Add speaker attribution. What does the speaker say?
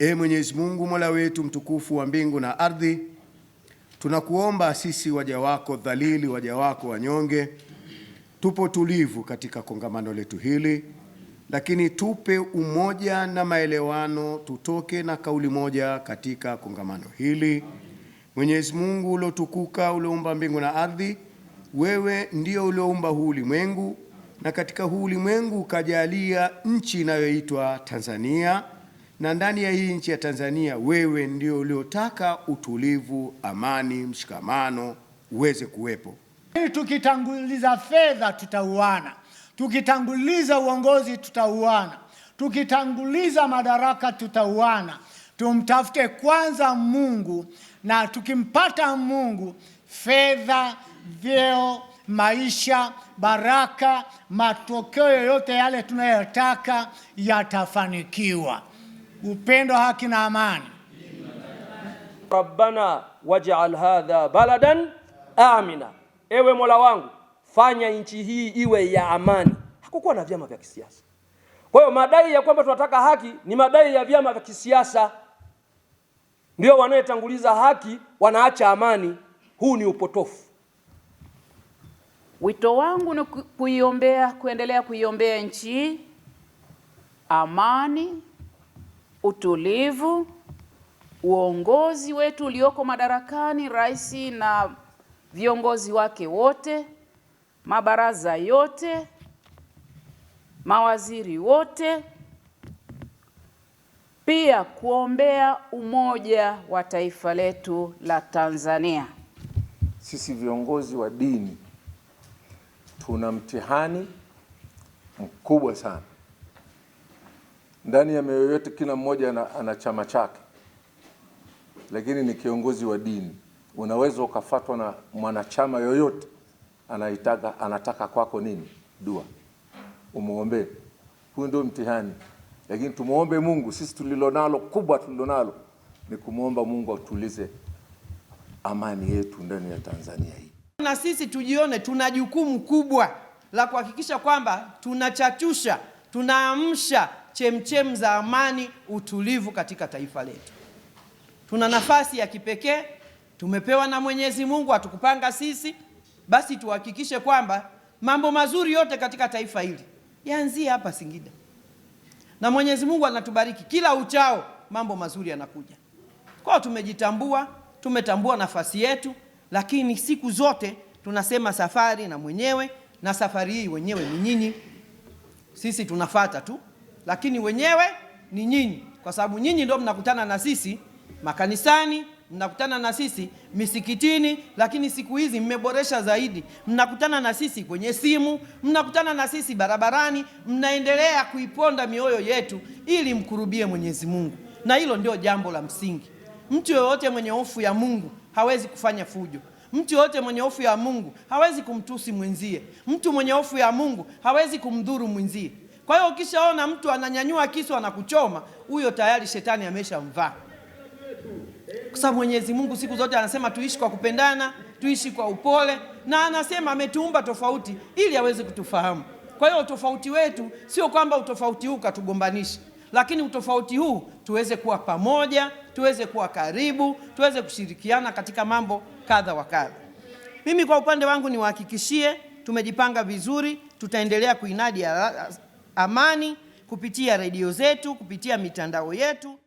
Speaker 1: Ee Mwenyezi Mungu, mola wetu mtukufu wa mbingu na ardhi, tunakuomba sisi waja wako dhalili, waja wako wanyonge, tupo tulivu katika kongamano letu hili, lakini tupe umoja na maelewano, tutoke na kauli moja katika kongamano hili. Mwenyezi Mungu uliotukuka, ulioumba mbingu na ardhi, wewe ndio ulioumba huu ulimwengu, na katika huu ulimwengu ukajalia nchi inayoitwa Tanzania na ndani ya hii nchi ya Tanzania wewe ndio uliotaka utulivu, amani, mshikamano uweze kuwepo.
Speaker 2: Tukitanguliza fedha tutauana, tukitanguliza uongozi tutauana, tukitanguliza madaraka tutauana. Tumtafute kwanza Mungu, na tukimpata Mungu, fedha, vyeo, maisha, baraka, matokeo yoyote yale tunayotaka yatafanikiwa upendo, haki na amani.
Speaker 3: Rabbana waj'al hadha baladan amina, ewe Mola wangu fanya nchi hii iwe ya amani. Hakukuwa na vyama vya kisiasa. Kwa hiyo madai ya kwamba tunataka haki ni madai ya vyama vya kisiasa, ndio wanayetanguliza haki wanaacha amani. Huu ni upotofu.
Speaker 4: Wito wangu ni kuiombea, kuendelea kuiombea nchi hii amani utulivu, uongozi wetu ulioko madarakani, rais na viongozi wake wote, mabaraza yote, mawaziri wote, pia kuombea umoja wa taifa letu la Tanzania.
Speaker 5: Sisi viongozi wa dini tuna mtihani mkubwa sana. Ndani ya mioyo yote kila mmoja ana, ana chama chake, lakini ni kiongozi wa dini, unaweza ukafatwa na mwanachama yoyote anaitaka, anataka kwako nini? Dua umuombe. Huu ndio mtihani, lakini tumwombe Mungu. Sisi tulilonalo kubwa tulilonalo ni kumwomba Mungu atulize amani yetu ndani ya Tanzania hii,
Speaker 6: na sisi tujione tuna jukumu kubwa la kuhakikisha kwamba tunachachusha tunaamsha chemchem za amani, utulivu katika taifa letu. Tuna nafasi ya kipekee tumepewa na Mwenyezi Mungu, atukupanga sisi, basi tuhakikishe kwamba mambo mazuri yote katika taifa hili yaanzie hapa Singida, na Mwenyezi Mungu anatubariki kila uchao, mambo mazuri yanakuja kwao. Tumejitambua, tumetambua nafasi yetu, lakini siku zote tunasema safari na mwenyewe na safari hii wenyewe ni nyinyi, sisi tunafata tu lakini wenyewe ni nyinyi, kwa sababu nyinyi ndio mnakutana na sisi makanisani, mnakutana na sisi misikitini, lakini siku hizi mmeboresha zaidi. Mnakutana na sisi kwenye simu, mnakutana na sisi barabarani, mnaendelea kuiponda mioyo yetu ili mkurubie Mwenyezi Mungu, na hilo ndio jambo la msingi. Mtu yoyote mwenye hofu ya Mungu hawezi kufanya fujo. Mtu yoyote mwenye hofu ya Mungu hawezi kumtusi mwenzie. Mtu mwenye hofu ya Mungu hawezi kumdhuru mwenzie. Kwa hiyo ukishaona mtu ananyanyua kisu anakuchoma, huyo tayari shetani ameshamvaa, kwa sababu Mwenyezi Mungu siku zote anasema tuishi kwa kupendana, tuishi kwa upole, na anasema ametuumba tofauti ili aweze kutufahamu. Kwa hiyo utofauti wetu sio kwamba utofauti huu katugombanishe, lakini utofauti huu tuweze kuwa pamoja, tuweze kuwa karibu, tuweze kushirikiana katika mambo kadha wa kadha. Mimi kwa upande wangu niwahakikishie tumejipanga vizuri, tutaendelea kuinadi amani kupitia redio zetu, kupitia mitandao yetu.